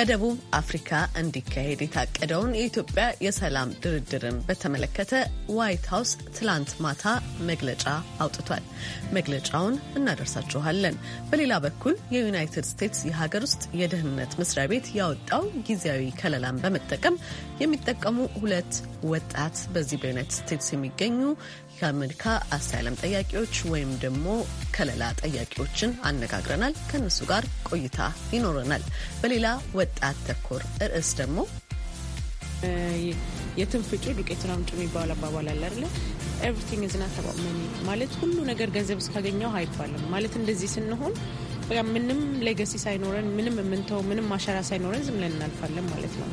በደቡብ አፍሪካ እንዲካሄድ የታቀደውን የኢትዮጵያ የሰላም ድርድርን በተመለከተ ዋይት ሀውስ ትላንት ማታ መግለጫ አውጥቷል። መግለጫውን እናደርሳችኋለን። በሌላ በኩል የዩናይትድ ስቴትስ የሀገር ውስጥ የደህንነት መስሪያ ቤት ያወጣው ጊዜያዊ ከለላን በመጠቀም የሚጠቀሙ ሁለት ወጣት በዚህ በዩናይትድ ስቴትስ የሚገኙ የአሜሪካ አሳይለም ጠያቂዎች ወይም ደግሞ ከለላ ጠያቂዎችን አነጋግረናል። ከእነሱ ጋር ቆይታ ይኖረናል። በሌላ ወጣት ተኮር ርዕስ ደግሞ የትንፍጩ ዱቄቱን አምጪ የሚባል አባባል አለ አይደለ? ኤቭሪቲንግ ዝና ተባመኒ ማለት ሁሉ ነገር ገንዘብ እስካገኘው አይባልም ማለት እንደዚህ ስንሆን ምንም ሌገሲ ሳይኖረን ምንም የምንተው ምንም ማሸራ ሳይኖረን ዝም ብለን እናልፋለን ማለት ነው።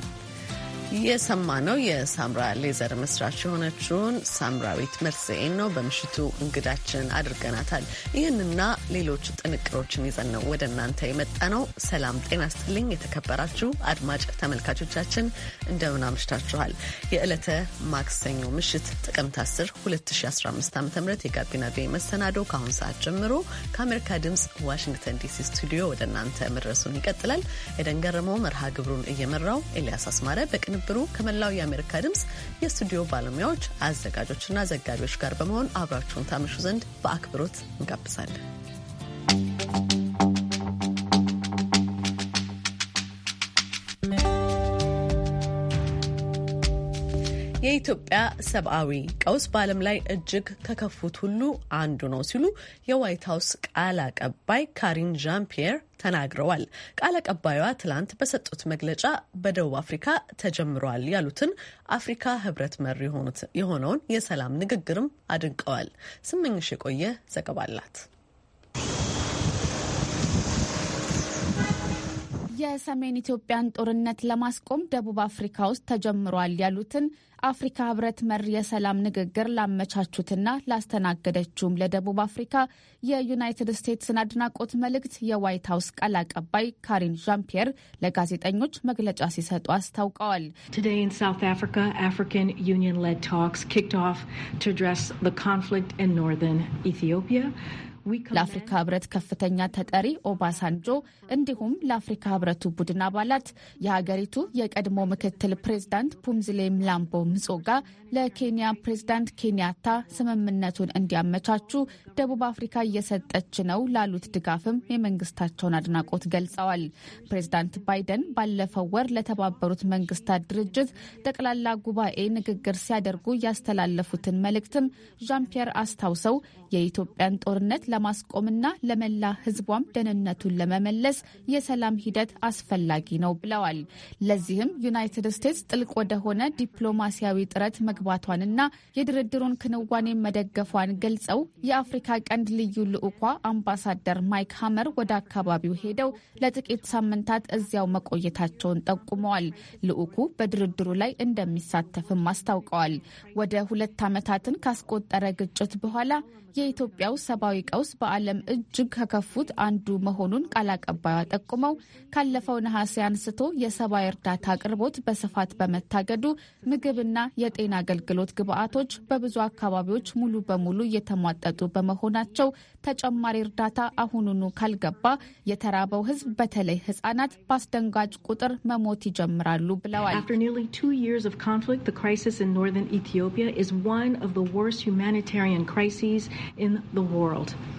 የሰማ ነው የሳምራ ሌዘር መስራች የሆነችውን ሳምራዊት መርስኤን ነው በምሽቱ እንግዳችን አድርገናታል። ይህንና ሌሎች ጥንቅሮችን ይዘን ነው ወደ እናንተ የመጣ ነው። ሰላም ጤና ስትልኝ የተከበራችሁ አድማጭ ተመልካቾቻችን እንደምን አምሽታችኋል? የዕለተ ማክሰኞ ምሽት ጥቅምት 10 2015 ዓ ም የጋቢና ቤ መሰናዶ ከአሁን ሰዓት ጀምሮ ከአሜሪካ ድምፅ ዋሽንግተን ዲሲ ስቱዲዮ ወደ እናንተ መድረሱን ይቀጥላል። የደንገረመው መርሃ ግብሩን እየመራው ኤልያስ አስማረ በቅንብ ከመደብሩ ከመላው የአሜሪካ ድምፅ የስቱዲዮ ባለሙያዎች፣ አዘጋጆችና ዘጋቢዎች ጋር በመሆን አብራችሁን ታመሹ ዘንድ በአክብሮት እንጋብዛለን። የኢትዮጵያ ሰብአዊ ቀውስ በዓለም ላይ እጅግ ከከፉት ሁሉ አንዱ ነው ሲሉ የዋይት ሀውስ ቃል አቀባይ ካሪን ዣን ፒየር ተናግረዋል። ቃል አቀባዩዋ ትላንት በሰጡት መግለጫ በደቡብ አፍሪካ ተጀምረዋል ያሉትን አፍሪካ ህብረት መር የሆነውን የሰላም ንግግርም አድንቀዋል። ስመኝሽ የቆየ ዘገባ አላት። የሰሜን ኢትዮጵያን ጦርነት ለማስቆም ደቡብ አፍሪካ ውስጥ ተጀምሯል ያሉትን አፍሪካ ህብረት መር የሰላም ንግግር ላመቻቹትና ላስተናገደችውም ለደቡብ አፍሪካ የዩናይትድ ስቴትስን አድናቆት መልእክት የዋይት ሀውስ ቃል አቀባይ ካሪን ዣምፒየር ለጋዜጠኞች መግለጫ ሲሰጡ አስታውቀዋል። ለአፍሪካ ህብረት ከፍተኛ ተጠሪ ኦባሳንጆ እንዲሁም ለአፍሪካ ህብረቱ ቡድን አባላት የሀገሪቱ የቀድሞ ምክትል ፕሬዝዳንት ፑምዝሌ ምላምቦ ምጾጋ ለኬንያ ፕሬዝዳንት ኬንያታ ስምምነቱን እንዲያመቻቹ ደቡብ አፍሪካ እየሰጠች ነው ላሉት ድጋፍም የመንግስታቸውን አድናቆት ገልጸዋል። ፕሬዝዳንት ባይደን ባለፈው ወር ለተባበሩት መንግስታት ድርጅት ጠቅላላ ጉባኤ ንግግር ሲያደርጉ ያስተላለፉትን መልእክትም ዣምፒየር አስታውሰው የኢትዮጵያን ጦርነት ለማስቆምና ለመላ ህዝቧም ደህንነቱን ለመመለስ የሰላም ሂደት አስፈላጊ ነው ብለዋል። ለዚህም ዩናይትድ ስቴትስ ጥልቅ ወደሆነ ዲፕሎማሲ ዲፕሎማሲያዊ ጥረት መግባቷንና የድርድሩን ክንዋኔ መደገፏን ገልጸው የአፍሪካ ቀንድ ልዩ ልዑኳ አምባሳደር ማይክ ሀመር ወደ አካባቢው ሄደው ለጥቂት ሳምንታት እዚያው መቆየታቸውን ጠቁመዋል። ልዑኩ በድርድሩ ላይ እንደሚሳተፍም አስታውቀዋል። ወደ ሁለት ዓመታትን ካስቆጠረ ግጭት በኋላ የኢትዮጵያው ሰብአዊ ቀውስ በዓለም እጅግ ከከፉት አንዱ መሆኑን ቃል አቀባዩ ጠቁመው ካለፈው ነሐሴ አንስቶ የሰብአዊ እርዳታ አቅርቦት በስፋት በመታገዱ ምግብ የምግብና የጤና አገልግሎት ግብዓቶች በብዙ አካባቢዎች ሙሉ በሙሉ እየተሟጠጡ በመሆናቸው ተጨማሪ እርዳታ አሁኑኑ ካልገባ የተራበው ሕዝብ በተለይ ሕጻናት በአስደንጋጭ ቁጥር መሞት ይጀምራሉ ብለዋል።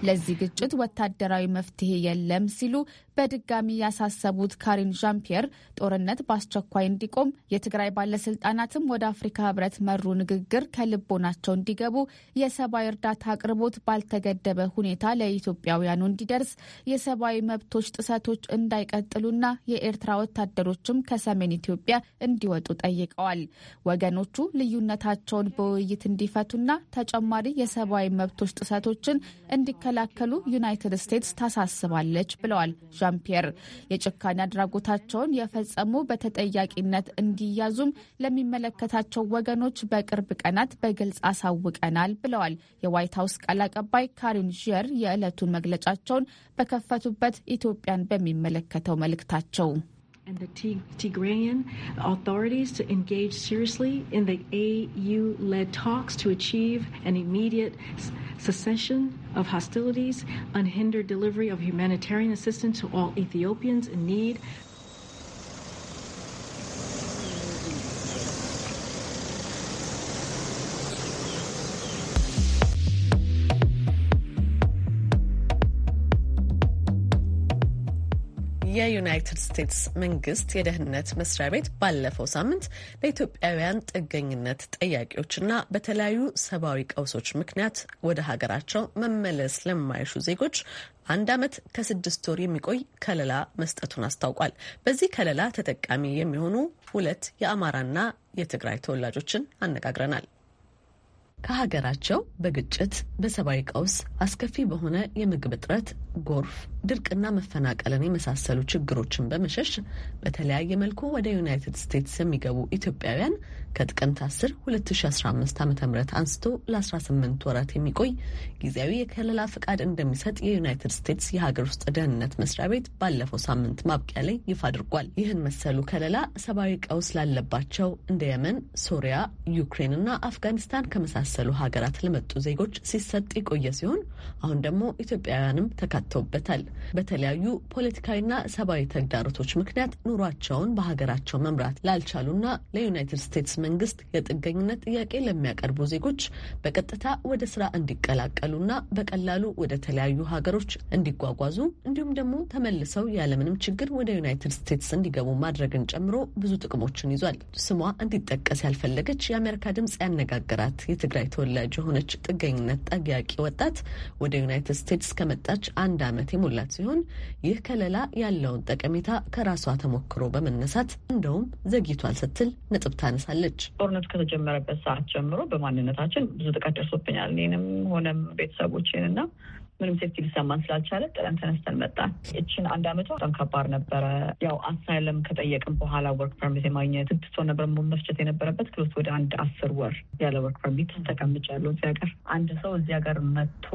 ለዚህ ግጭት ወታደራዊ መፍትሄ የለም ሲሉ በድጋሚ ያሳሰቡት ካሪን ዣምፒየር ጦርነት በአስቸኳይ እንዲቆም የትግራይ ባለስልጣናትም ወደ የአፍሪካ ህብረት መሩ ንግግር ከልቦናቸው እንዲገቡ የሰብአዊ እርዳታ አቅርቦት ባልተገደበ ሁኔታ ለኢትዮጵያውያኑ እንዲደርስ የሰብአዊ መብቶች ጥሰቶች እንዳይቀጥሉና የኤርትራ ወታደሮችም ከሰሜን ኢትዮጵያ እንዲወጡ ጠይቀዋል። ወገኖቹ ልዩነታቸውን በውይይት እንዲፈቱና ተጨማሪ የሰብአዊ መብቶች ጥሰቶችን እንዲከላከሉ ዩናይትድ ስቴትስ ታሳስባለች ብለዋል ዣን ፒየር። የጭካኔ አድራጎታቸውን የፈጸሙ በተጠያቂነት እንዲያዙም ለሚመለከታቸው ላላቸው ወገኖች በቅርብ ቀናት በግልጽ አሳውቀናል ብለዋል። የዋይት ሀውስ ቃል አቀባይ ካሪን ዥየር የዕለቱን መግለጫቸውን በከፈቱበት ኢትዮጵያን በሚመለከተው መልእክታቸው and the Tigrayan authorities to engage seriously in the AU led talks to achieve an immediate cessation of hostilities, unhindered delivery of humanitarian assistance to all Ethiopians in need, የዩናይትድ ስቴትስ መንግስት የደህንነት መስሪያ ቤት ባለፈው ሳምንት ለኢትዮጵያውያን ጥገኝነት ጠያቂዎችና በተለያዩ ሰብአዊ ቀውሶች ምክንያት ወደ ሀገራቸው መመለስ ለማይሹ ዜጎች አንድ ዓመት ከስድስት ወር የሚቆይ ከለላ መስጠቱን አስታውቋል። በዚህ ከለላ ተጠቃሚ የሚሆኑ ሁለት የአማራና የትግራይ ተወላጆችን አነጋግረናል። ከሀገራቸው በግጭት በሰብአዊ ቀውስ አስከፊ በሆነ የምግብ እጥረት፣ ጎርፍ ድርቅና መፈናቀልን የመሳሰሉ ችግሮችን በመሸሽ በተለያየ መልኩ ወደ ዩናይትድ ስቴትስ የሚገቡ ኢትዮጵያውያን ከጥቅምት 10 2015 ዓ ም አንስቶ ለ18 ወራት የሚቆይ ጊዜያዊ የከለላ ፍቃድ እንደሚሰጥ የዩናይትድ ስቴትስ የሀገር ውስጥ ደህንነት መስሪያ ቤት ባለፈው ሳምንት ማብቂያ ላይ ይፋ አድርጓል። ይህን መሰሉ ከለላ ሰብአዊ ቀውስ ላለባቸው እንደ የመን፣ ሶሪያ፣ እና አፍጋኒስታን ከመሳሰሉ ሀገራት ለመጡ ዜጎች ሲሰጥ የቆየ ሲሆን አሁን ደግሞ ኢትዮጵያውያንም ተካተውበታል። በተለያዩ ፖለቲካዊና ሰብአዊ ተግዳሮቶች ምክንያት ኑሯቸውን በሀገራቸው መምራት ላልቻሉና ለዩናይትድ ስቴትስ መንግስት የጥገኝነት ጥያቄ ለሚያቀርቡ ዜጎች በቀጥታ ወደ ስራ እንዲቀላቀሉና በቀላሉ ወደ ተለያዩ ሀገሮች እንዲጓጓዙ እንዲሁም ደግሞ ተመልሰው ያለምንም ችግር ወደ ዩናይትድ ስቴትስ እንዲገቡ ማድረግን ጨምሮ ብዙ ጥቅሞችን ይዟል። ስሟ እንዲጠቀስ ያልፈለገች የአሜሪካ ድምጽ ያነጋገራት የትግራይ ተወላጅ የሆነች ጥገኝነት ጠያቂ ወጣት ወደ ዩናይትድ ስቴትስ ከመጣች አንድ ዓመት የሞላ ያላት ሲሆን ይህ ከለላ ያለውን ጠቀሜታ ከራሷ ተሞክሮ በመነሳት እንደውም ዘግይቷል ስትል ነጥብ ታነሳለች። ጦርነት ከተጀመረበት ሰዓት ጀምሮ በማንነታችን ብዙ ጥቃት ደርሶብኛል። እኔንም ሆነም ቤተሰቦችን እና ምንም ሴፍቲ ሊሰማን ስላልቻለ ጥለን ተነስተን መጣን። እችን አንድ አመቷ በጣም ከባድ ነበረ። ያው አሳይለም ከጠየቅን በኋላ ወርክ ፐርሚት የማግኘት ስድስት ወር ነበር መመስቸት የነበረበት ክሎስ ወደ አንድ አስር ወር ያለ ወርክ ፐርሚት ተቀምጫለሁ። እዚህ ሀገር አንድ ሰው እዚህ ሀገር መጥቶ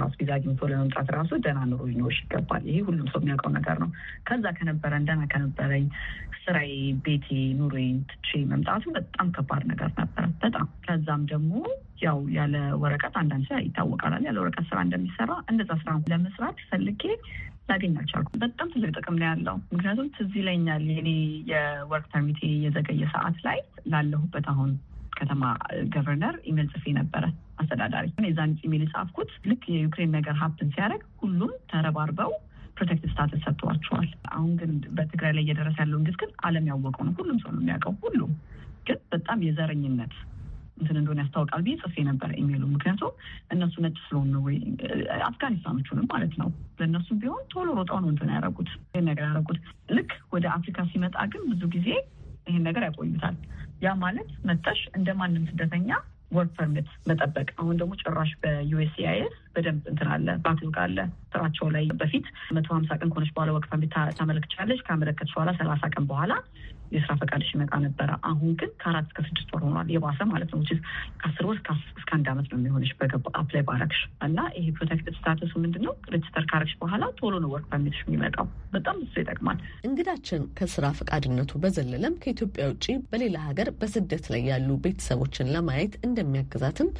ራሱ ቪዛ አግኝቶ ለመምጣት ራሱ ደህና ኑሮ ሊኖርሽ ይገባል። ይሄ ሁሉም ሰው የሚያውቀው ነገር ነው። ከዛ ከነበረን ደህና ከነበረኝ ስራዬ፣ ቤቴ፣ ኑሮዬን ትቼ መምጣቱ በጣም ከባድ ነገር ነበረ በጣም ከዛም ደግሞ ያው ያለ ወረቀት አንዳንድ ስራ ይታወቃላል ያለ ወረቀት ስራ እንደሚሰራ እንደዛ ስራ ለመስራት ፈልጌ ላገኝ አልቻልኩም። በጣም ትልቅ ጥቅም ነው ያለው። ምክንያቱም ትዝ ይለኛል የኔ የወርክ ፐርሚቴ የዘገየ ሰዓት ላይ ላለሁበት አሁን ከተማ ገቨርነር ኢሜል ጽፌ ነበረ አስተዳዳሪ የዛን ኢሜል የጻፍኩት ልክ የዩክሬን ነገር ሀፕን ሲያደርግ ሁሉም ተረባርበው ፕሮቴክት ስታትስ ሰጥተዋቸዋል። አሁን ግን በትግራይ ላይ እየደረሰ ያለው እንግዲህ ግን ዓለም ያወቀው ነው። ሁሉም ሰው ነው የሚያውቀው። ሁሉም ግን በጣም የዘረኝነት እንትን እንደሆነ ያስታውቃል ብዬ ጽፌ ነበር ኢሜሉ። ምክንያቱም እነሱ ነጭ ስለሆኑ ወይ አፍጋኒስታኖቹንም ማለት ነው ለእነሱ ቢሆን ቶሎ ሮጣው ነው እንትን ያደረጉት ይህን ነገር ያደረጉት። ልክ ወደ አፍሪካ ሲመጣ ግን ብዙ ጊዜ ይህን ነገር ያቆዩታል። ያ ማለት መጠሽ እንደ ማንም ስደተኛ ወርክ ፐርሚት መጠበቅ። አሁን ደግሞ ጭራሽ በዩኤስሲአይኤስ በደንብ እንትን አለ ባትል አለ ስራቸው ላይ በፊት መቶ ሀምሳ ቀን ከሆነች በኋላ ወቅት ፐርሚት ታመለክቻለች። ካመለከተች በኋላ ሰላሳ ቀን በኋላ የስራ ፈቃድሽ ይመጣ ነበረ። አሁን ግን ከአራት እስከ ስድስት ወር ሆኗል። የባሰ ማለት ነው። ከአስር ወር እስከ አንድ አመት ነው የሚሆንሽ በገባ አፕላይ ባረግሽ እና ይሄ ፕሮቴክት ስታተሱ ምንድን ነው? ሬጅስተር ካረግሽ በኋላ ቶሎ ነው ወርክ ፐርሚትሽ የሚመጣው። በጣም እሱ ይጠቅማል። እንግዳችን ከስራ ፈቃድነቱ በዘለለም ከኢትዮጵያ ውጭ በሌላ ሀገር በስደት ላይ ያሉ ቤተሰቦችን ለማየት እንደሚያግዛትም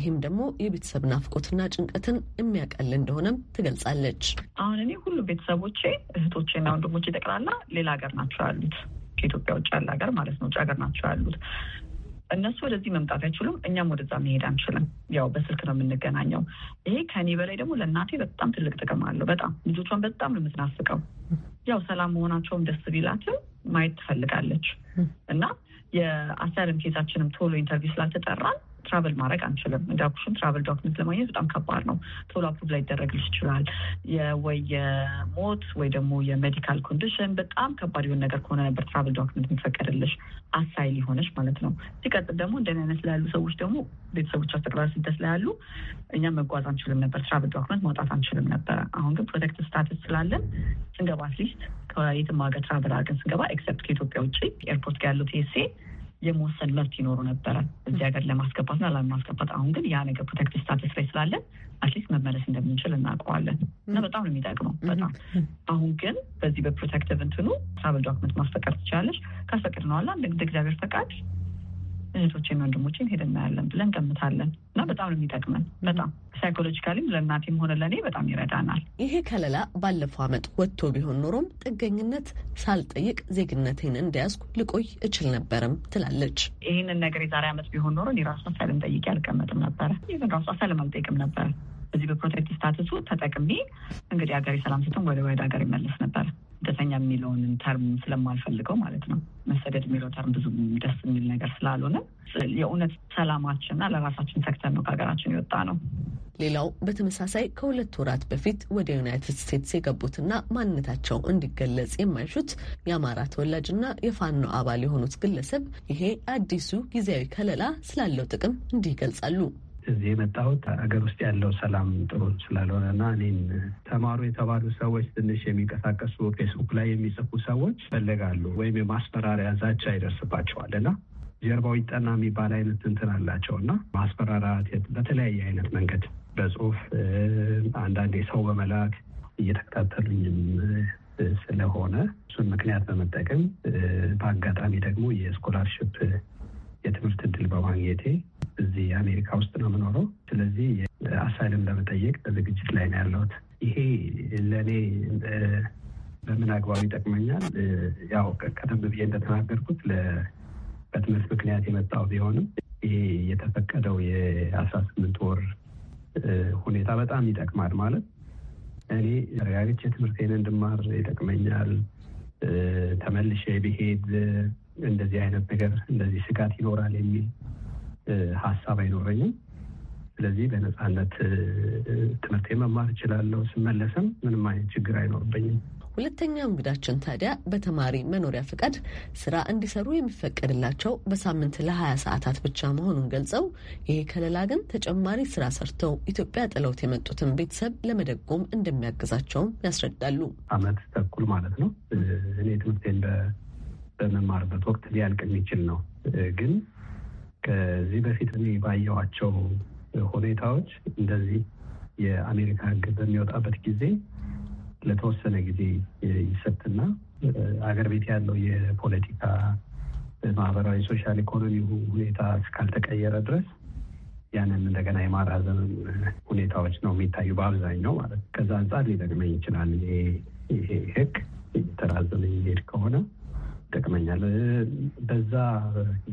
ይህም ደግሞ የቤተሰብ ናፍቆትና ጭንቀትን የሚያቀል እንደሆነም ትገልጻል። ትገልጻለች። አሁን እኔ ሁሉ ቤተሰቦቼ እህቶቼና ወንድሞቼ ጠቅላላ ሌላ ሀገር ናቸው ያሉት፣ ከኢትዮጵያ ውጭ ያለ ሀገር ማለት ነው። ውጭ ሀገር ናቸው ያሉት። እነሱ ወደዚህ መምጣት አይችሉም፣ እኛም ወደዛ መሄድ አንችልም። ያው በስልክ ነው የምንገናኘው። ይሄ ከኔ በላይ ደግሞ ለእናቴ በጣም ትልቅ ጥቅም አለው። በጣም ልጆቿን በጣም ነው የምትናፍቀው። ያው ሰላም መሆናቸውም ደስ ቢላትም ማየት ትፈልጋለች እና የአሳይለም ኬዛችንም ቶሎ ኢንተርቪው ስላልተጠራን ትራቨል ማድረግ አንችልም። እንዳልኩሽም ትራቨል ዶክመንት ለማግኘት በጣም ከባድ ነው። ቶሎ አፕሩቭ ላይ ይደረግልሽ ይችላል ወይ የሞት ወይ ደግሞ የሜዲካል ኮንዲሽን በጣም ከባድ የሆነ ነገር ከሆነ ነበር ትራቨል ዶክመንት የሚፈቀድልሽ አሳይ ሊሆነች ማለት ነው። ሲቀጥል ደግሞ እንደኔ አይነት ላይ ሰዎች ደግሞ ቤተሰቦቻቸው ጠቅላላ ስደት ላይ ያሉ እኛ መጓዝ አንችልም ነበር፣ ትራቭል ዶክመንት ማውጣት አንችልም ነበረ። አሁን ግን ፕሮቴክት ስታትስ ስላለን ስንገባ አትሊስት ከየትም ሀገር ትራቭል አድርገን ስንገባ ኤክሰፕት ከኢትዮጵያ ውጭ ኤርፖርት ጋር ያለው ቴሴ የመወሰን መብት ይኖሩ ነበረ እዚህ ሀገር ለማስገባትና ላለማስገባት። አሁን ግን ያ ነገር ፕሮቴክት ስታትስ ላይ ስላለን አትሊስት መመለስ እንደምንችል እናውቀዋለን እና በጣም ነው የሚጠቅመው። በጣም አሁን ግን በዚህ በፕሮቴክቲቭ እንትኑ ትራቨል ዶክመንት ማስፈቀር ትችላለች። ካስፈቅድ ነው አላ እንደ እግዚአብሔር ፈቃድ እህቶቼና ወንድሞቼን ሄደን እናያለን ብለን ገምታለን እና በጣም ነው የሚጠቅመን በጣም ሳይኮሎጂካሊም ለእናቴም ሆነ ለእኔ በጣም ይረዳናል። ይሄ ከለላ ባለፈው ዓመት ወጥቶ ቢሆን ኖሮም ጥገኝነት ሳልጠይቅ ዜግነቴን እንደያዝኩ ልቆይ እችል ነበርም ትላለች። ይህንን ነገር የዛሬ ዓመት ቢሆን ኖሮ እኔ ራሱ አሳይለም ጠይቄ አልቀመጥም ነበረ። ይህን ራሱ አሳይለም አልጠይቅም ነበረ። በዚህ በፕሮቴክቲቭ ስታትሱ ተጠቅሜ እንግዲህ ሀገሬ ሰላም ስትሆን ወደ ወደ ሀገር ይመለስ ነበር። ስደተኛ የሚለውን ተርም ስለማልፈልገው ማለት ነው። መሰደድ የሚለው ተርም ብዙ ደስ የሚል ነገር ስላልሆነ የእውነት ሰላማችንና ለራሳችን ተክተን ነው ከሀገራችን የወጣ ነው። ሌላው በተመሳሳይ ከሁለት ወራት በፊት ወደ ዩናይትድ ስቴትስ የገቡትና ማንነታቸው እንዲገለጽ የማይሹት የአማራ ተወላጅና የፋኖ አባል የሆኑት ግለሰብ ይሄ አዲሱ ጊዜያዊ ከለላ ስላለው ጥቅም እንዲህ ይገልጻሉ። እዚህ የመጣሁት ሀገር ውስጥ ያለው ሰላም ጥሩ ስላልሆነ እና እኔን ተማሩ የተባሉ ሰዎች ትንሽ የሚንቀሳቀሱ ፌስቡክ ላይ የሚጽፉ ሰዎች ይፈልጋሉ ወይም የማስፈራሪያ ዛቻ ይደርስባቸዋል እና ጀርባው ይጠና የሚባል አይነት እንትን አላቸው እና ማስፈራራት በተለያየ አይነት መንገድ በጽሁፍ አንዳንዴ ሰው በመላክ እየተከታተሉኝም ስለሆነ እሱን ምክንያት በመጠቀም በአጋጣሚ ደግሞ የስኮላርሽፕ የትምህርት እድል በማግኘቴ እዚህ አሜሪካ ውስጥ ነው የምኖረው። ስለዚህ አሳይለም ለመጠየቅ በዝግጅት ላይ ነው ያለሁት። ይሄ ለእኔ በምን አግባብ ይጠቅመኛል? ያው ቀደም ብዬ እንደተናገርኩት በትምህርት ምክንያት የመጣው ቢሆንም ይሄ የተፈቀደው የአስራ ስምንት ወር ሁኔታ በጣም ይጠቅማል። ማለት እኔ ረጋግቼ ትምህርቴን እንድማር ይጠቅመኛል። ተመልሼ ብሄድ እንደዚህ አይነት ነገር እንደዚህ ስጋት ይኖራል የሚል ሀሳብ አይኖረኝም። ስለዚህ በነፃነት ትምህርቴን መማር እችላለሁ። ስመለስም ምንም አይነት ችግር አይኖርብኝም። ሁለተኛው እንግዳችን ታዲያ በተማሪ መኖሪያ ፍቃድ ስራ እንዲሰሩ የሚፈቀድላቸው በሳምንት ለ ለ20 ሰዓታት ብቻ መሆኑን ገልጸው ይሄ ከለላ ግን ተጨማሪ ስራ ሰርተው ኢትዮጵያ ጥለውት የመጡትን ቤተሰብ ለመደጎም እንደሚያግዛቸውም ያስረዳሉ። አመት ተኩል ማለት ነው። እኔ ትምህርቴን በመማርበት ወቅት ሊያልቅ የሚችል ነው። ግን ከዚህ በፊት እኔ ባየዋቸው ሁኔታዎች እንደዚህ የአሜሪካ ሕግ በሚወጣበት ጊዜ ለተወሰነ ጊዜ ይሰጥና አገር ቤት ያለው የፖለቲካ ማህበራዊ፣ ሶሻል፣ ኢኮኖሚ ሁኔታ እስካልተቀየረ ድረስ ያንን እንደገና የማራዘም ሁኔታዎች ነው የሚታዩ በአብዛኛው ማለት ከዛ አንጻር ሊጠቅመኝ ይችላል። ይሄ ህግ የተራዘመ የሚሄድ ከሆነ ይጠቅመኛል። በዛ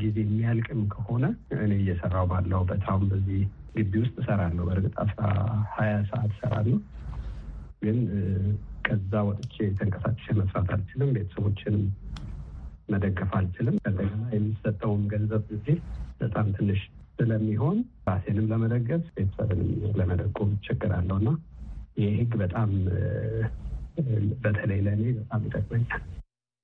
ጊዜ የሚያልቅም ከሆነ እኔ እየሰራው ባለው በጣም በዚህ ግቢ ውስጥ እሰራለሁ። በእርግጥ አስራ ሀያ ሰዓት እሰራለሁ። ግን ከዛ ወጥቼ ተንቀሳቅሼ መስራት አልችልም። ቤተሰቦችንም መደገፍ አልችልም። ከእንደገና የሚሰጠውም ገንዘብ ጊዜ በጣም ትንሽ ስለሚሆን ራሴንም ለመደገፍ ቤተሰብንም ለመደጎም አለው እና ይህ ህግ በጣም በተለይ ለእኔ በጣም ይጠቅመኛል።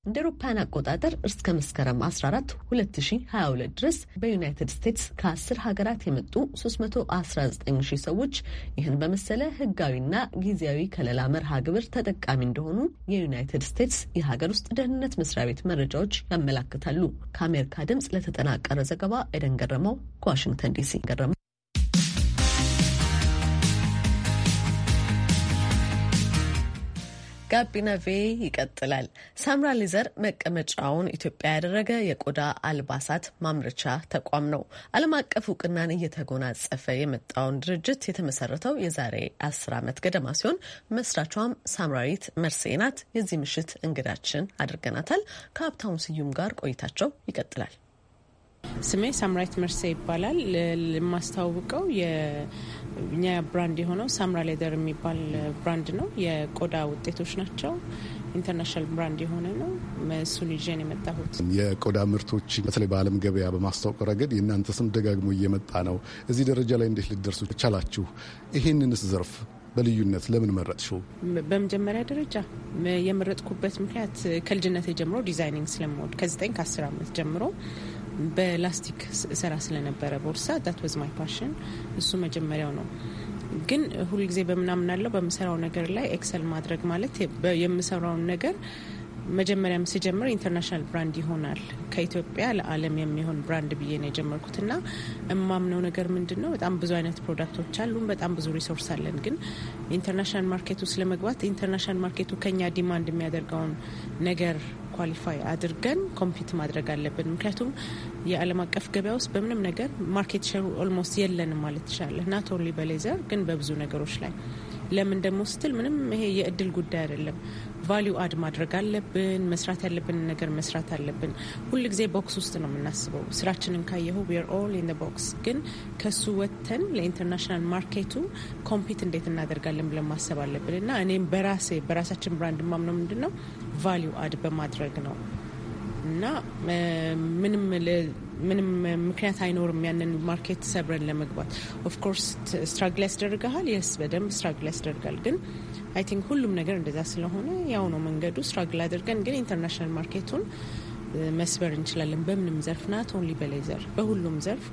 እንደ አውሮፓውያን አቆጣጠር እስከ መስከረም 14 2022 ድረስ በዩናይትድ ስቴትስ ከ10 ሀገራት የመጡ 319,000 ሰዎች ይህን በመሰለ ህጋዊና ጊዜያዊ ከለላ መርሃ ግብር ተጠቃሚ እንደሆኑ የዩናይትድ ስቴትስ የሀገር ውስጥ ደህንነት መስሪያ ቤት መረጃዎች ያመላክታሉ። ከአሜሪካ ድምፅ ለተጠናቀረ ዘገባ ኤደን ገረመው ከዋሽንግተን ዲሲ ገረመው ጋቢና ቬ ይቀጥላል። ሳምራ ሌዘር መቀመጫውን ኢትዮጵያ ያደረገ የቆዳ አልባሳት ማምረቻ ተቋም ነው። ዓለም አቀፍ እውቅናን እየተጎናጸፈ የመጣውን ድርጅት የተመሰረተው የዛሬ አስር ዓመት ገደማ ሲሆን መስራቿም ሳምራዊት መርሴ ናት። የዚህ ምሽት እንግዳችን አድርገናታል። ከሀብታሙ ስዩም ጋር ቆይታቸው ይቀጥላል። ስሜ ሳምራይት መርሴ ይባላል። የማስተዋውቀው የኛ ብራንድ የሆነው ሳምራ ሌደር የሚባል ብራንድ ነው። የቆዳ ውጤቶች ናቸው። ኢንተርናሽናል ብራንድ የሆነ ነው። እሱን ይዤ የመጣሁት። የቆዳ ምርቶች በተለይ በዓለም ገበያ በማስታወቅ ረገድ የእናንተ ስም ደጋግሞ እየመጣ ነው። እዚህ ደረጃ ላይ እንዴት ልደርሱ ቻላችሁ? ይሄንንስ ዘርፍ በልዩነት ለምን መረጥሽው? በመጀመሪያ ደረጃ የመረጥኩበት ምክንያት ከልጅነት ጀምሮ ዲዛይኒንግ ስለምወድ ከዘጠኝ ከአስር ዓመት ጀምሮ በላስቲክ ስራ ስለነበረ ቦርሳ ዳት ወዝ ማይ ፓሽን። እሱ መጀመሪያው ነው። ግን ሁልጊዜ በምናምናለው በምሰራው ነገር ላይ ኤክሰል ማድረግ ማለት የምሰራውን ነገር መጀመሪያም ስጀምር ኢንተርናሽናል ብራንድ ይሆናል ከኢትዮጵያ ለዓለም የሚሆን ብራንድ ብዬ ነው የጀመርኩት። ና እማምነው ነገር ምንድን ነው? በጣም ብዙ አይነት ፕሮዳክቶች አሉ በጣም ብዙ ሪሶርስ አለን። ግን ኢንተርናሽናል ማርኬቱ ስለመግባት ኢንተርናሽናል ማርኬቱ ከኛ ዲማንድ የሚያደርገውን ነገር ኳሊፋይ አድርገን ኮምፒት ማድረግ አለብን። ምክንያቱም የዓለም አቀፍ ገበያ ውስጥ በምንም ነገር ማርኬት ሸሩ ኦልሞስት የለንም ማለት ትችላለህ። ናት ኦንሊ በሌዘር ግን በብዙ ነገሮች ላይ ለምን ደግሞ ስትል ምንም ይሄ የእድል ጉዳይ አይደለም። ቫሊዩ አድ ማድረግ አለብን። መስራት ያለብን ነገር መስራት አለብን። ሁል ጊዜ ቦክስ ውስጥ ነው የምናስበው። ስራችንን ካየሁ ዊር ኦል ኢን ቦክስ፣ ግን ከሱ ወጥተን ለኢንተርናሽናል ማርኬቱ ኮምፒት እንዴት እናደርጋለን ብለን ማሰብ አለብን እና እኔም በራሴ በራሳችን ብራንድ ማምነው ምንድን ነው ቫሊዩ አድ በማድረግ ነው እና ምንም ምንም ምክንያት አይኖርም ያንን ማርኬት ሰብረን ለመግባት ኦፍኮርስ ስትራግል ያስደርግሃል የስ በደንብ ስትራግል ያስደርጋል ግን አይ ቲንክ ሁሉም ነገር እንደዛ ስለሆነ ያው ነው መንገዱ። ስትራግል አድርገን ግን ኢንተርናሽናል ማርኬቱን መስበር እንችላለን። በምንም ዘርፍ ናት ኦንሊ በላይ ዘርፍ በሁሉም ዘርፍ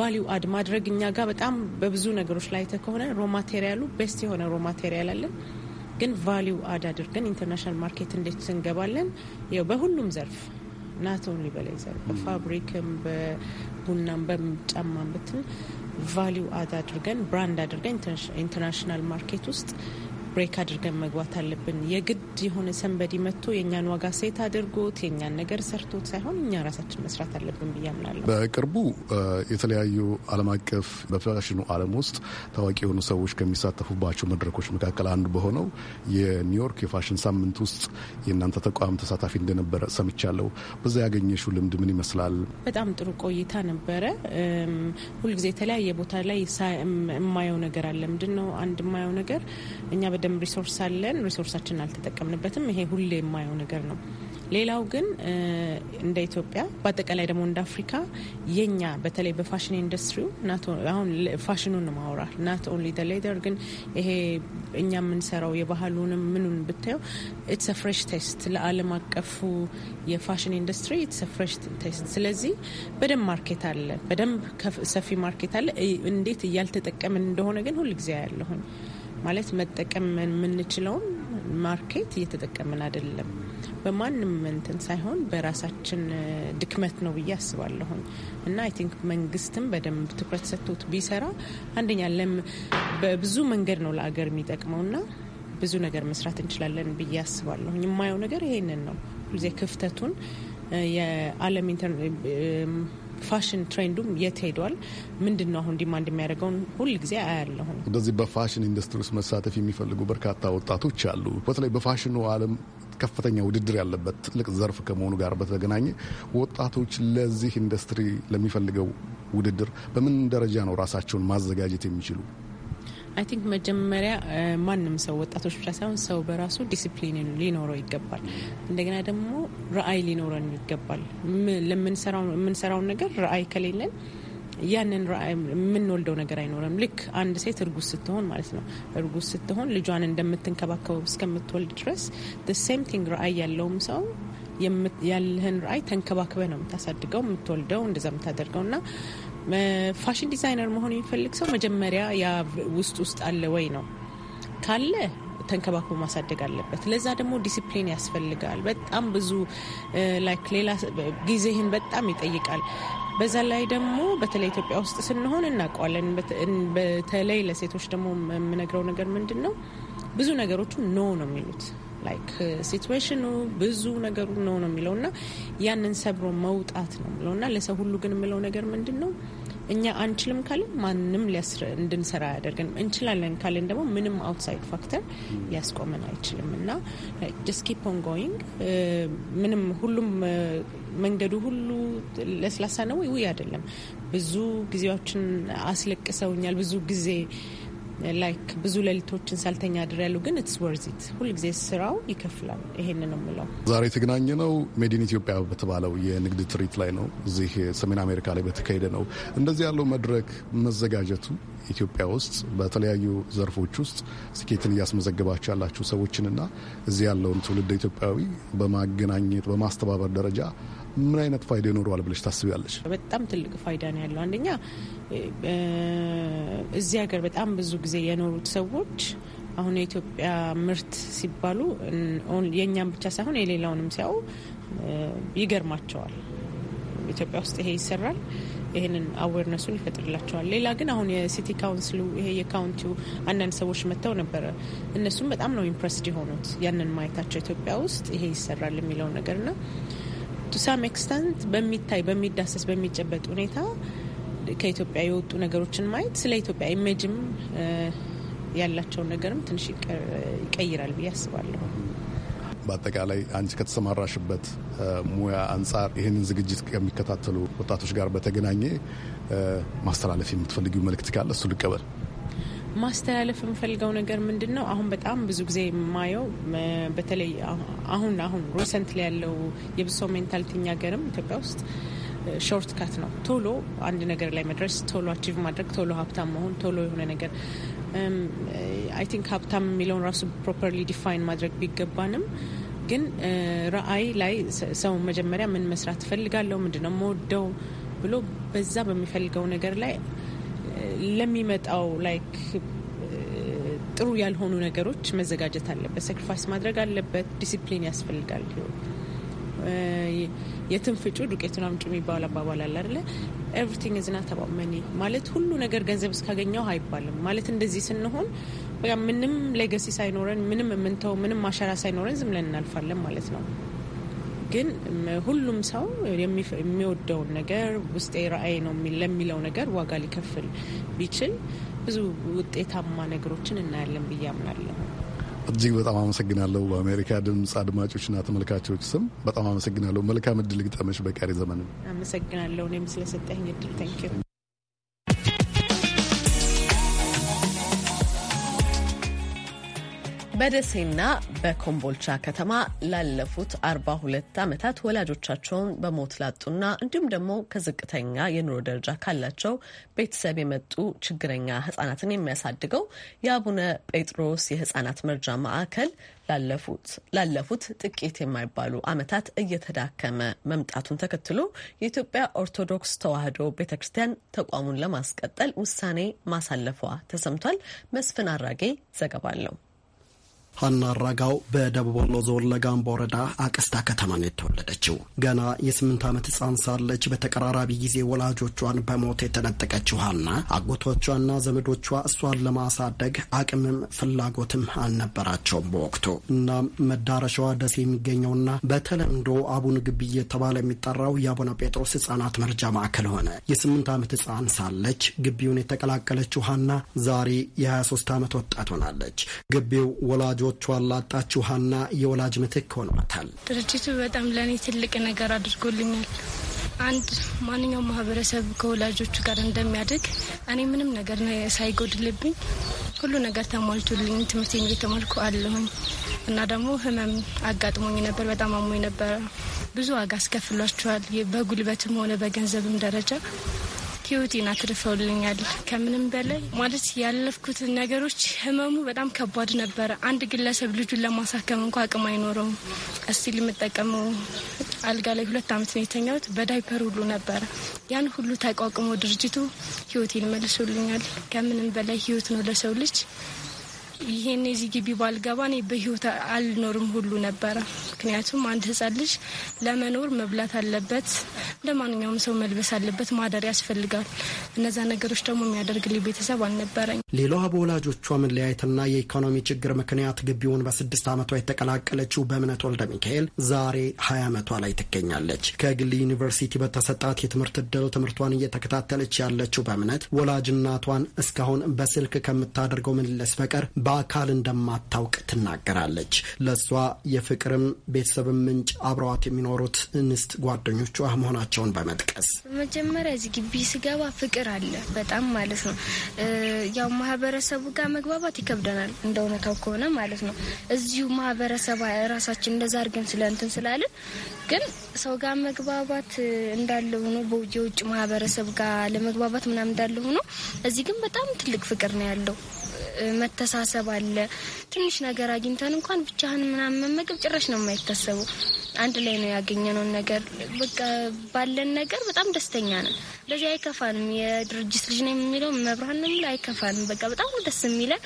ቫሊዩ አድ ማድረግ እኛ ጋር በጣም በብዙ ነገሮች ላይ ተከሆነ ሮ ማቴሪያሉ ቤስት የሆነ ሮ ማቴሪያል አለን፣ ግን ቫሊዩ አድ አድርገን ኢንተርናሽናል ማርኬት እንዴት እንገባለን? ያው በሁሉም ዘርፍ ናት ኦንሊ በላይ ዘርፍ በፋብሪክም፣ በቡናም፣ በጫማም ብትል ቫሊዩ አድ አድርገን ብራንድ አድርገን ኢንተርናሽናል ማርኬት ውስጥ ብሬክ አድርገን መግባት አለብን። የግድ የሆነ ሰንበዲ መጥቶ የእኛን ዋጋ ሴት አድርጎት የእኛን ነገር ሰርቶት ሳይሆን እኛ ራሳችን መስራት አለብን ብዬ አምናለሁ። በቅርቡ የተለያዩ ዓለም አቀፍ በፋሽኑ ዓለም ውስጥ ታዋቂ የሆኑ ሰዎች ከሚሳተፉባቸው መድረኮች መካከል አንዱ በሆነው የኒውዮርክ የፋሽን ሳምንት ውስጥ የእናንተ ተቋም ተሳታፊ እንደነበረ ሰምቻለሁ። በዛ ያገኘሽው ልምድ ምን ይመስላል? በጣም ጥሩ ቆይታ ነበረ። ሁልጊዜ የተለያየ ቦታ ላይ የማየው ነገር አለ። ምንድን ነው አንድ የማየው ነገር እኛ በደንብ ሪሶርስ አለን፣ ሪሶርሳችንን አልተጠቀምንበትም። ይሄ ሁሌ የማየው ነገር ነው። ሌላው ግን እንደ ኢትዮጵያ በአጠቃላይ ደግሞ እንደ አፍሪካ የኛ በተለይ በፋሽን ኢንዱስትሪው አሁን ፋሽኑን ማውራ ናት ኦንሊ ሌደር ግን ይሄ እኛ የምንሰራው የባህሉንም ምኑን ብታየው ኢትስ ፍሬሽ ቴስት ለዓለም አቀፉ የፋሽን ኢንዱስትሪ ኢትስ ፍሬሽ ቴስት። ስለዚህ በደንብ ማርኬት አለ፣ በደንብ ሰፊ ማርኬት አለ። እንዴት እያልተጠቀምን እንደሆነ ግን ሁልጊዜ ያለሁኝ ማለት መጠቀም የምንችለውን ማርኬት እየተጠቀምን አይደለም። በማንም እንትን ሳይሆን በራሳችን ድክመት ነው ብዬ አስባለሁኝ እና አይ ቲንክ መንግስትም በደንብ ትኩረት ሰጥቶት ቢሰራ አንደኛ ለም በብዙ መንገድ ነው ለአገር የሚጠቅመው እና ብዙ ነገር መስራት እንችላለን ብዬ አስባለሁ። የማየው ነገር ይሄንን ነው። ሁልጊዜ ክፍተቱን የዓለም ፋሽን ትሬንዱም የት ሄዷል፣ ምንድን ነው አሁን ዲማንድ የሚያደርገውን ሁል ጊዜ አያለሁ። እንደዚህ በፋሽን ኢንዱስትሪ ውስጥ መሳተፍ የሚፈልጉ በርካታ ወጣቶች አሉ። በተለይ በፋሽኑ ዓለም ከፍተኛ ውድድር ያለበት ትልቅ ዘርፍ ከመሆኑ ጋር በተገናኘ ወጣቶች ለዚህ ኢንዱስትሪ ለሚፈልገው ውድድር በምን ደረጃ ነው ራሳቸውን ማዘጋጀት የሚችሉ? አይ ቲንክ መጀመሪያ ማንም ሰው ወጣቶች ብቻ ሳይሆን ሰው በራሱ ዲሲፕሊን ሊኖረው ይገባል። እንደገና ደግሞ ራዕይ ሊኖረን ይገባል። የምንሰራውን ነገር ራዕይ ከሌለን ያንን የምንወልደው ነገር አይኖረም። ልክ አንድ ሴት እርጉዝ ስትሆን ማለት ነው እርጉዝ ስትሆን ልጇን እንደምትንከባከበው እስከምትወልድ ድረስ ሴም ቲንግ ራዕይ ያለውም ሰው ያለህን ራዕይ ተንከባክበ ነው የምታሳድገው የምትወልደው እንደዛ የምታደርገው እና ፋሽን ዲዛይነር መሆን የሚፈልግ ሰው መጀመሪያ ያ ውስጥ ውስጥ አለ ወይ ነው። ካለ ተንከባክቦ ማሳደግ አለበት። ለዛ ደግሞ ዲሲፕሊን ያስፈልጋል። በጣም ብዙ ላይክ ሌላ ጊዜህን በጣም ይጠይቃል። በዛ ላይ ደግሞ በተለይ ኢትዮጵያ ውስጥ ስንሆን እናውቀዋለን። በተለይ ለሴቶች ደግሞ የምነግረው ነገር ምንድን ነው፣ ብዙ ነገሮቹ ኖ ነው የሚሉት ላይክ ሲትዌሽኑ ብዙ ነገሩ ኖ ነው የሚለው እና ያንን ሰብሮ መውጣት ነው የሚለው እና ለሰው ሁሉ ግን የምለው ነገር ምንድን ነው እኛ አንችልም ካለን ማንም እንድንሰራ አያደርገንም። እንችላለን ካልን ደግሞ ምንም አውትሳይድ ፋክተር ሊያስቆመን አይችልም እና ጀስት ኪፕ ኦን ጎይንግ ምንም ሁሉም መንገዱ ሁሉ ለስላሳ ነው ወይ? ውይ አይደለም። ብዙ ጊዜዎችን አስለቅሰውኛል። ብዙ ጊዜ ላይክ ብዙ ሌሊቶችን ሳልተኛ ድር ያሉ ግን ኢትስ ወርዚት ሁልጊዜ ስራው ይከፍላል። ይሄን ነው ምለው። ዛሬ የተገናኘ ነው ሜዲን ኢትዮጵያ በተባለው የንግድ ትርኢት ላይ ነው። እዚህ ሰሜን አሜሪካ ላይ በተካሄደ ነው። እንደዚህ ያለው መድረክ መዘጋጀቱ ኢትዮጵያ ውስጥ በተለያዩ ዘርፎች ውስጥ ስኬትን እያስመዘገባቸው ያላችሁ ሰዎችንና እዚህ ያለውን ትውልድ ኢትዮጵያዊ በማገናኘት በማስተባበር ደረጃ ምን አይነት ፋይዳ ይኖረዋል ብለሽ ታስቢያለሽ? በጣም ትልቅ ፋይዳ ነው ያለው። አንደኛ እዚህ ሀገር በጣም ብዙ ጊዜ የኖሩት ሰዎች አሁን የኢትዮጵያ ምርት ሲባሉ የእኛም ብቻ ሳይሆን የሌላውንም ሲያዩ ይገርማቸዋል። ኢትዮጵያ ውስጥ ይሄ ይሰራል፣ ይህንን አዌርነሱን ይፈጥርላቸዋል። ሌላ ግን አሁን የሲቲ ካውንስሉ ይሄ የካውንቲው አንዳንድ ሰዎች መጥተው ነበረ። እነሱም በጣም ነው ኢምፕረስድ የሆኑት ያንን ማየታቸው ኢትዮጵያ ውስጥ ይሄ ይሰራል ነገር ነገርና ቱሳም ኤክስተንት በሚታይ በሚዳሰስ በሚጨበጥ ሁኔታ ከኢትዮጵያ የወጡ ነገሮችን ማየት ስለ ኢትዮጵያ ኢሜጅም ያላቸውን ነገርም ትንሽ ይቀይራል ብዬ አስባለሁ። በአጠቃላይ አንቺ ከተሰማራሽበት ሙያ አንጻር ይህንን ዝግጅት ከሚከታተሉ ወጣቶች ጋር በተገናኘ ማስተላለፍ የምትፈልጊው መልእክት ካለ እሱ ልቀበል። ማስተላለፍ የምፈልገው ነገር ምንድን ነው? አሁን በጣም ብዙ ጊዜ የማየው በተለይ አሁን አሁን ሪሰንት ላይ ያለው የብዙ ሰው ሜንታሊቲ እኛ ሀገርም ኢትዮጵያ ውስጥ ሾርት ካት ነው። ቶሎ አንድ ነገር ላይ መድረስ፣ ቶሎ አቺቭ ማድረግ፣ ቶሎ ሀብታም መሆን፣ ቶሎ የሆነ ነገር አይ ቲንክ ሀብታም የሚለውን ራሱ ፕሮፐርሊ ዲፋይን ማድረግ ቢገባንም ግን ረአይ ላይ ሰው መጀመሪያ ምን መስራት እፈልጋለሁ ምንድነው የምወደው ብሎ በዛ በሚፈልገው ነገር ላይ ለሚመጣው ላይክ uh, ጥሩ ያልሆኑ ነገሮች መዘጋጀት አለበት። ሰክሪፋይስ ማድረግ አለበት። ዲሲፕሊን ያስፈልጋል። uh, የትንፍጩ ዱቄቱን አምጩ የሚባል አባባል አለ አይደለ? ኤቭሪቲንግ ዝና መኒ ማለት ሁሉ ነገር ገንዘብ እስካገኘው አይባልም። ማለት እንደዚህ ስንሆን ምንም ሌገሲ ሳይኖረን ምንም የምንተው ምንም ማሸራ ሳይኖረን ዝም ብለን እናልፋለን ማለት ነው። ግን ሁሉም ሰው የሚወደውን ነገር ውስጤ ራዕይ ነው ለሚለው ነገር ዋጋ ሊከፍል ቢችል ብዙ ውጤታማ ነገሮችን እናያለን ብዬ አምናለሁ። እጅግ በጣም አመሰግናለሁ። በአሜሪካ ድምፅ አድማጮችና ተመልካቾች ስም በጣም አመሰግናለሁ። መልካም እድል ግጠመሽ በቀሪ ዘመንም። አመሰግናለሁ እኔም ስለሰጠኝ እድል። ታንኪዩ በደሴና በኮምቦልቻ ከተማ ላለፉት አርባ ሁለት ዓመታት ወላጆቻቸውን በሞት ላጡና እንዲሁም ደግሞ ከዝቅተኛ የኑሮ ደረጃ ካላቸው ቤተሰብ የመጡ ችግረኛ ህጻናትን የሚያሳድገው የአቡነ ጴጥሮስ የህጻናት መርጃ ማዕከል ላለፉት ጥቂት የማይባሉ ዓመታት እየተዳከመ መምጣቱን ተከትሎ የኢትዮጵያ ኦርቶዶክስ ተዋሕዶ ቤተ ክርስቲያን ተቋሙን ለማስቀጠል ውሳኔ ማሳለፏ ተሰምቷል። መስፍን አራጌ ዘገባ አለው። ሀና አራጋው በደቡብ ወሎ ዞን ለጋምቦ ወረዳ አቅስታ ከተማ ነው የተወለደችው። ገና የስምንት ዓመት ሕፃን ሳለች በተቀራራቢ ጊዜ ወላጆቿን በሞት የተነጠቀችው ሀና አጎቶቿና ዘመዶቿ እሷን ለማሳደግ አቅምም ፍላጎትም አልነበራቸውም በወቅቱ። እናም መዳረሻዋ ደሴ የሚገኘውና በተለምዶ አቡን ግቢ እየተባለ የሚጠራው የአቡነ ጴጥሮስ ሕፃናት መርጃ ማዕከል ሆነ። የስምንት ዓመት ሕፃን ሳለች ግቢውን የተቀላቀለችው ሀና ዛሬ የ23 ዓመት ወጣት ሆናለች። ግቢው ወላጆ ልጆቿን ላጣችው ሀና የወላጅ ምትክ ሆኗታል። ድርጅቱ በጣም ለእኔ ትልቅ ነገር አድርጎልኛል። አንድ ማንኛውም ማህበረሰብ ከወላጆቹ ጋር እንደሚያድግ እኔ ምንም ነገር ሳይጎድልብኝ ሁሉ ነገር ተሟልቶልኝ ትምህርቴን እየተማርኩ አለሁኝ እና ደግሞ ህመም አጋጥሞኝ ነበር። በጣም አሞኝ ነበረ። ብዙ ዋጋ አስከፍሏቸዋል፣ በጉልበትም ሆነ በገንዘብም ደረጃ ህይወቴን አትርፈውልኛል። ከምንም በላይ ማለት ያለፍኩትን ነገሮች ህመሙ በጣም ከባድ ነበረ። አንድ ግለሰብ ልጁን ለማሳከም እንኳ አቅም አይኖረውም። እስቲ የምጠቀመው አልጋ ላይ ሁለት ዓመት ነው የተኛሁት። በዳይፐር ሁሉ ነበረ። ያን ሁሉ ተቋቁሞ ድርጅቱ ህይወቴን መልሶልኛል። ከምንም በላይ ህይወት ነው ለሰው ልጅ ይሄን የዚህ ግቢ ባልገባ እኔ በህይወት አልኖርም ሁሉ ነበረ። ምክንያቱም አንድ ህጻን ልጅ ለመኖር መብላት አለበት፣ እንደ ማንኛውም ሰው መልበስ አለበት፣ ማደር ያስፈልጋል። እነዛ ነገሮች ደግሞ የሚያደርግልኝ ቤተሰብ አልነበረኝ። ሌላዋ በወላጆቿ መለያየትና የኢኮኖሚ ችግር ምክንያት ግቢውን በስድስት ዓመቷ የተቀላቀለችው በእምነት ወልደ ሚካኤል ዛሬ ሀያ ዓመቷ ላይ ትገኛለች። ከግል ዩኒቨርሲቲ በተሰጣት የትምህርት እድል ትምህርቷን እየተከታተለች ያለችው በእምነት ወላጅ እናቷን እስካሁን በስልክ ከምታደርገው ምልልስ በቀር በአካል እንደማታውቅ ትናገራለች። ለእሷ የፍቅርም ቤተሰብም ምንጭ አብረዋት የሚኖሩት እንስት ጓደኞቿ መሆናቸውን በመጥቀስ በመጀመሪያ እዚህ ግቢ ስገባ ፍቅር አለ በጣም ማለት ነው። ያው ማህበረሰቡ ጋር መግባባት ይከብደናል እንደ እውነታው ከሆነ ማለት ነው። እዚሁ ማህበረሰብ ራሳችን እንደዛ አድርገን ስለ ስላለን ግን ሰው ጋር መግባባት እንዳለ ሆኖ የውጭ ማህበረሰብ ጋር ለመግባባት ምናምን እንዳለ ሆኖ እዚህ ግን በጣም ትልቅ ፍቅር ነው ያለው። መተሳሰብ አለ። ትንሽ ነገር አግኝተን እንኳን ብቻህን ምናምን መመገብ ጭራሽ ነው የማይታሰቡ። አንድ ላይ ነው ያገኘነውን ነገር በቃ ባለን ነገር በጣም ደስተኛ ነን። በዚህ አይከፋንም። የድርጅት ልጅ ነው የሚለው መብርሃን ነው የሚለው አይከፋንም። በቃ በጣም ደስ የሚለን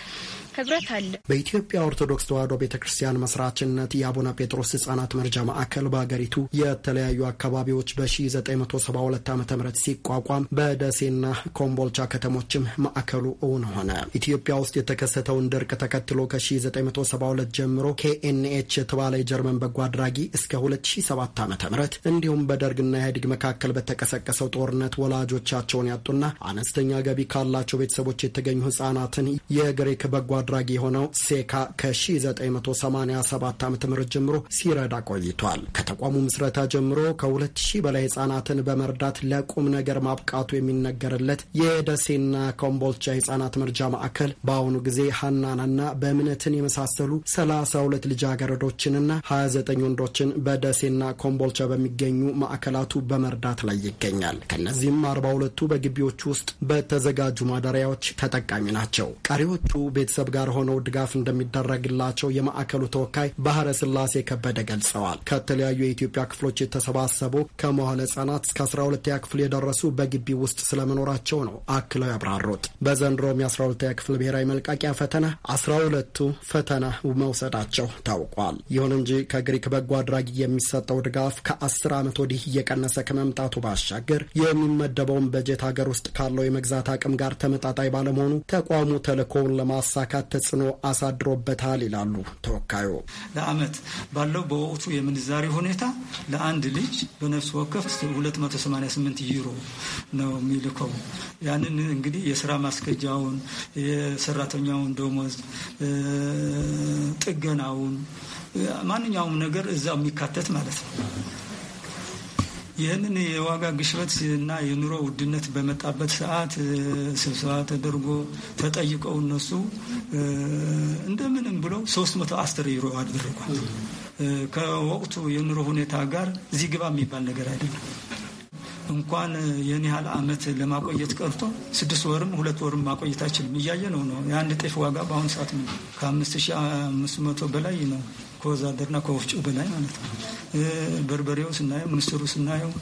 ህብረት አለ። በኢትዮጵያ ኦርቶዶክስ ተዋሕዶ ቤተ ክርስቲያን መስራችነት የአቡነ ጴጥሮስ ህጻናት መርጃ ማዕከል በሀገሪቱ የተለያዩ አካባቢዎች በ1972 ዓ ም ሲቋቋም በደሴና ኮምቦልቻ ከተሞችም ማዕከሉ እውን ሆነ። ኢትዮጵያ ውስጥ የተከሰተውን ድርቅ ተከትሎ ከ1972 ጀምሮ ኬኤንኤች የተባለ የጀርመን በጎ አድራጊ እስከ 2007 ዓ ም እንዲሁም በደርግና ኢህአዴግ መካከል በተቀሰቀሰው ጦርነት ወላጆቻቸውን ያጡና አነስተኛ ገቢ ካላቸው ቤተሰቦች የተገኙ ህጻናትን የግሪክ በጎ አድራጊ የሆነው ሴካ ከ1987 ዓ ም ጀምሮ ሲረዳ ቆይቷል። ከተቋሙ ምስረታ ጀምሮ ከ2000 በላይ ህጻናትን በመርዳት ለቁም ነገር ማብቃቱ የሚነገርለት የደሴና ኮምቦልቻ ህጻናት መርጃ ማዕከል በአሁኑ ጊዜ ሀናናና በእምነትን የመሳሰሉ 32 ልጃገረዶችንና 29 ወንዶችን በደሴና ኮምቦልቻ በሚገኙ ማዕከላቱ በመርዳት ላይ ይገኛል። ከነዚህም 42ቱ በግቢዎች ውስጥ በተዘጋጁ ማደሪያዎች ተጠቃሚ ናቸው። ቀሪዎቹ ቤተሰብ ጋር ሆነው ድጋፍ እንደሚደረግላቸው የማዕከሉ ተወካይ ባህረ ስላሴ ከበደ ገልጸዋል። ከተለያዩ የኢትዮጵያ ክፍሎች የተሰባሰቡ ከመዋለ ህጻናት እስከ 12ኛ ክፍል የደረሱ በግቢ ውስጥ ስለመኖራቸው ነው አክለው ያብራሩት። በዘንድሮም የ12ኛ ክፍል ብሔራዊ መልቃቂያ ፈተና 12ቱ ፈተና መውሰዳቸው ታውቋል። ይሁን እንጂ ከግሪክ በጎ አድራጊ የሚሰጠው ድጋፍ ከ10 ዓመት ወዲህ እየቀነሰ ከመምጣቱ ባሻገር የሚመደበውን በጀት ሀገር ውስጥ ካለው የመግዛት አቅም ጋር ተመጣጣይ ባለመሆኑ ተቋሙ ተልእኮውን ለማሳካት ተጽዕኖ አሳድሮበታል ይላሉ ተወካዩ። ለአመት ባለው በወቅቱ የምንዛሪ ሁኔታ ለአንድ ልጅ በነፍስ ወከፍ 288 ዩሮ ነው የሚልከው። ያንን እንግዲህ የስራ ማስገጃውን የሰራተኛውን ደሞዝ፣ ጥገናውን ማንኛውም ነገር እዛው የሚካተት ማለት ነው። ይህንን የዋጋ ግሽበት እና የኑሮ ውድነት በመጣበት ሰዓት ስብሰባ ተደርጎ ተጠይቀው እነሱ እንደምንም ብለው መቶ አስር ዩሮ አድርጓል። ከወቅቱ የኑሮ ሁኔታ ጋር እዚህ ግባ የሚባል ነገር አይደለም። እንኳን ይህን ያህል አመት ለማቆየት ቀርቶ ስድስት ወርም ሁለት ወርም ማቆየት አይችልም። እያየ ነው ነው የአንድ ጤፍ ዋጋ በአሁኑ ሰዓት ከአምስት ሺህ አምስት መቶ በላይ ነው። ከወዛደርና ከወፍጮ በላይ ማለት ነው። በርበሬው ስናየው፣ ምስሩ ስናየው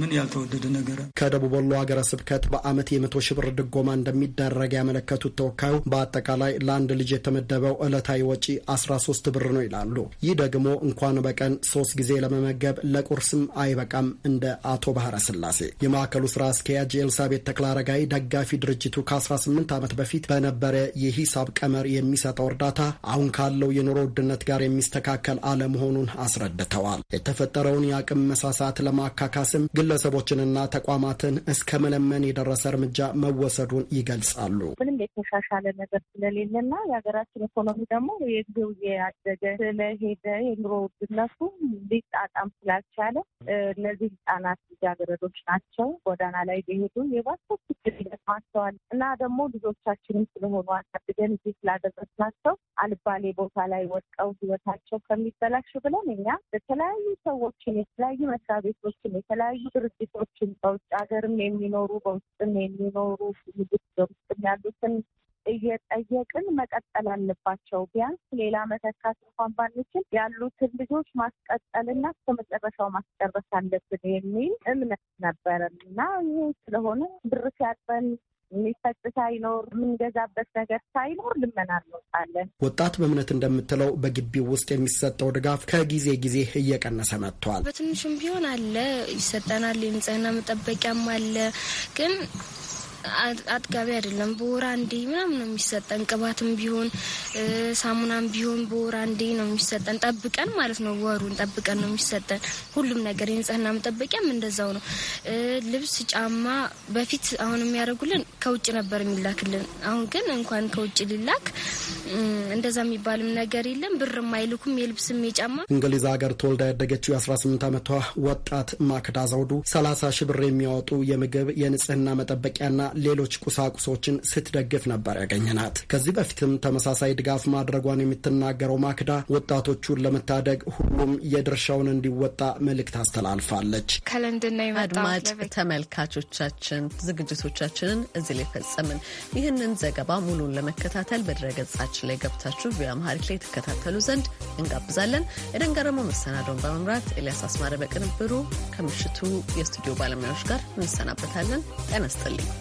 ምን ያልተወደደ ነገር። ከደቡብ ወሎ ሀገረ ስብከት በአመት የመቶ ሺህ ብር ድጎማ እንደሚደረግ ያመለከቱት ተወካዩ በአጠቃላይ ለአንድ ልጅ የተመደበው ዕለታዊ ወጪ 13 ብር ነው ይላሉ። ይህ ደግሞ እንኳን በቀን ሶስት ጊዜ ለመመገብ ለቁርስም አይበቃም። እንደ አቶ ባህረ ስላሴ የማዕከሉ ስራ አስኪያጅ ኤልሳቤት ተክለአረጋይ ደጋፊ ድርጅቱ ከ18 ዓመት በፊት በነበረ የሂሳብ ቀመር የሚሰጠው እርዳታ አሁን ካለው የኑሮ ውድነት ጋር የሚስተካከል አለመሆኑን አስረድተዋል። የተፈጠረውን የአቅም መሳሳት ለማካካስም ግለሰቦችንና ተቋማትን እስከ መለመን የደረሰ እርምጃ መወሰዱን ይገልጻሉ። ምንም የተሻሻለ ነገር ስለሌለና የሀገራችን ኢኮኖሚ ደግሞ የጊዜው እያደገ ስለሄደ የኑሮ ውድነቱ ሊጣጣም ስላልቻለ እነዚህ ህጻናት ልጃገረዶች ናቸው ጎዳና ላይ ሄዱ የባሰ ችግር ይገጥማቸዋል እና ደግሞ ልጆቻችንም ስለሆኑ አሳድገን እዚህ ናቸው አልባሌ ቦታ ላይ ወድቀው ህይወታቸው ከሚበላሽ ብለን እኛ የተለያዩ ሰዎችን የተለያዩ መስሪያ ቤቶችን የተለያዩ ድርጅቶችን በውጭ ሀገርም የሚኖሩ በውስጥም የሚኖሩ ምግብ በውስጥም ያሉትን እየጠየቅን መቀጠል አለባቸው። ቢያንስ ሌላ መተካት እንኳን ባንችል ያሉትን ልጆች ማስቀጠልና እስከ መጨረሻው ማስጨረስ አለብን የሚል እምነት ነበረን እና ይህ ስለሆነ ብር ሲያጥበን የሚፈጭ ሳይኖር የምንገዛበት ነገር ሳይኖር ልመና እንወጣለን። ወጣት በእምነት እንደምትለው በግቢው ውስጥ የሚሰጠው ድጋፍ ከጊዜ ጊዜ እየቀነሰ መጥቷል። በትንሹም ቢሆን አለ ይሰጠናል። የንጽህና መጠበቂያም አለ ግን አጥጋቢ አይደለም። በወር አንዴ ምናምን ነው የሚሰጠን። ቅባትም ቢሆን ሳሙናም ቢሆን በወር አንዴ ነው የሚሰጠን። ጠብቀን ማለት ነው፣ ወሩን ጠብቀን ነው የሚሰጠን ሁሉም ነገር። የንጽህና መጠበቂያም እንደዛው ነው። ልብስ፣ ጫማ በፊት አሁን የሚያደርጉልን ከውጭ ነበር የሚላክልን። አሁን ግን እንኳን ከውጭ ሊላክ እንደዛ የሚባልም ነገር የለም። ብርም አይልኩም፣ የልብስም የጫማ። እንግሊዝ ሀገር ተወልዳ ያደገችው የ18 ዓመቷ ወጣት ማክዳ ዘውዱ 30 ሺ ብር የሚያወጡ የምግብ የንጽህና መጠበቂያና ሌሎች ቁሳቁሶችን ስትደግፍ ነበር ያገኘናት። ከዚህ በፊትም ተመሳሳይ ድጋፍ ማድረጓን የምትናገረው ማክዳ ወጣቶቹን ለመታደግ ሁሉም የድርሻውን እንዲወጣ መልእክት አስተላልፋለች። ከለንደን አድማጭ ተመልካቾቻችን ዝግጅቶቻችንን እዚህ ላይ ፈጸምን። ይህንን ዘገባ ሙሉን ለመከታተል በድረ ገጻችን ላይ ገብታችሁ በአምሃሪክ ላይ የተከታተሉ ዘንድ እንጋብዛለን። የደንገረሞ መሰናዶውን በመምራት ኤልያስ አስማረ በቅንብሩ ከምሽቱ የስቱዲዮ ባለሙያዎች ጋር እንሰናበታለን። ጤና ይስጥልኝ።